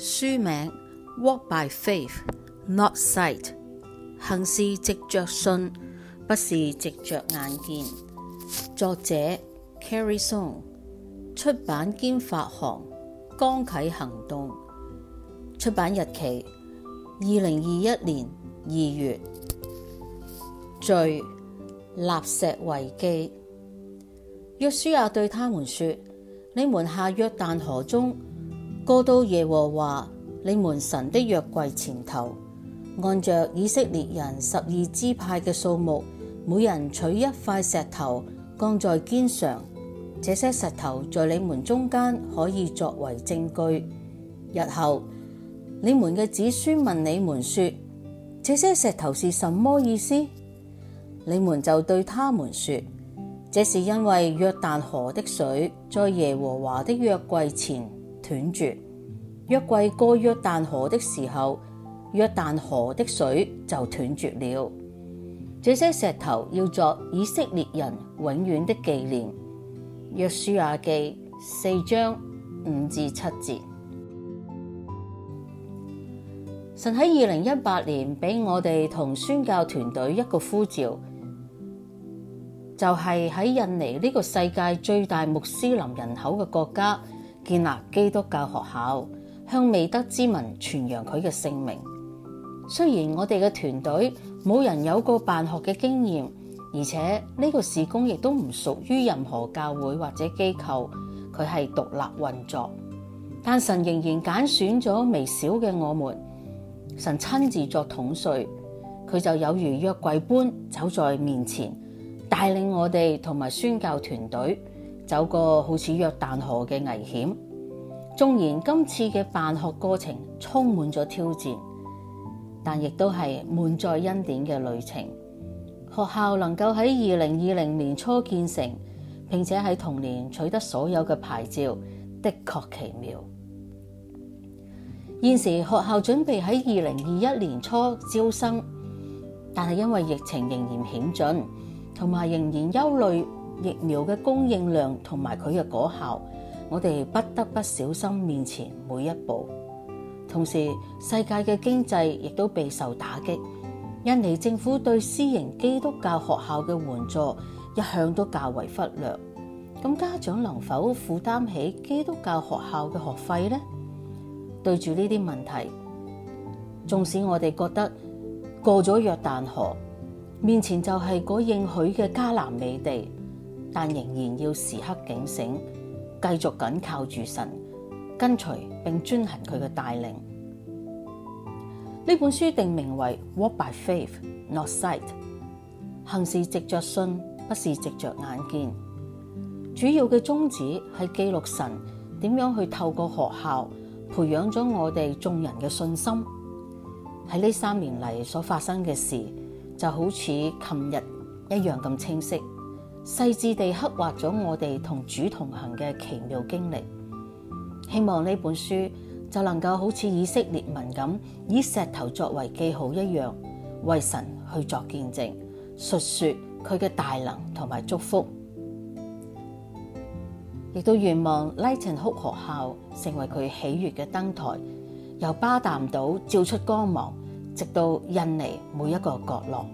書名《Walk by Faith，Not Sight》，行事藉着信，不是藉着眼見。作者：Carrie Song，出版兼發行：剛啟行動。出版日期：二零二一年二月。聚納石為基，約書也對他們說：你們下約旦河中。過到耶和華你們神的約櫃前頭，按着以色列人十二支派嘅數目，每人取一塊石頭，扛在肩上。這些石頭在你們中間可以作為證據。日後你們嘅子孫問你們說：這些石頭是什麼意思？你們就對他們說：這是因為約旦河的水在耶和華的約櫃前斷絕。約櫃過約旦河的時候，約旦河的水就斷絕了。這些石頭要作以色列人永遠的紀念。約書亞記四章五至七節。神喺二零一八年俾我哋同宣教團隊一個呼召，就係喺印尼呢個世界最大穆斯林人口嘅國家。建立基督教學校，向未得之民傳揚佢嘅姓名。雖然我哋嘅團隊冇人有過辦學嘅經驗，而且呢個事工亦都唔屬於任何教會或者機構，佢係獨立運作。但神仍然揀選咗微小嘅我們，神親自作統帥，佢就有如約櫃般走在面前，帶領我哋同埋宣教團隊。走過好似約旦河嘅危險，縱然今次嘅辦學過程充滿咗挑戰，但亦都係滿載恩典嘅旅程。學校能夠喺二零二零年初建成，並且喺同年取得所有嘅牌照，的確奇妙。現時學校準備喺二零二一年初招生，但係因為疫情仍然險峻，同埋仍然憂慮。疫苗嘅供應量同埋佢嘅果效，我哋不得不小心面前每一步。同時，世界嘅經濟亦都備受打擊。印尼政府對私營基督教學校嘅援助一向都較為忽略，咁家長能否負擔起基督教學校嘅學費呢？對住呢啲問題，縱使我哋覺得過咗約旦河，面前就係嗰應許嘅迦南美地。但仍然要時刻警醒，繼續緊靠住神，跟隨並遵行佢嘅帶領。呢本書定名為 Walk by Faith，Not Sight，行事藉著信，不是藉著眼見。主要嘅宗旨係記錄神點樣去透過學校培養咗我哋眾人嘅信心。喺呢三年嚟所發生嘅事，就好似琴日一樣咁清晰。細致地刻畫咗我哋同主同行嘅奇妙經歷，希望呢本書就能夠好似以色列文咁，以石頭作為記號一樣，為神去作見證，述說佢嘅大能同埋祝福，亦都願望 Lighten Hope 學校成為佢喜悅嘅燈台，由巴淡島照出光芒，直到印尼每一個角落。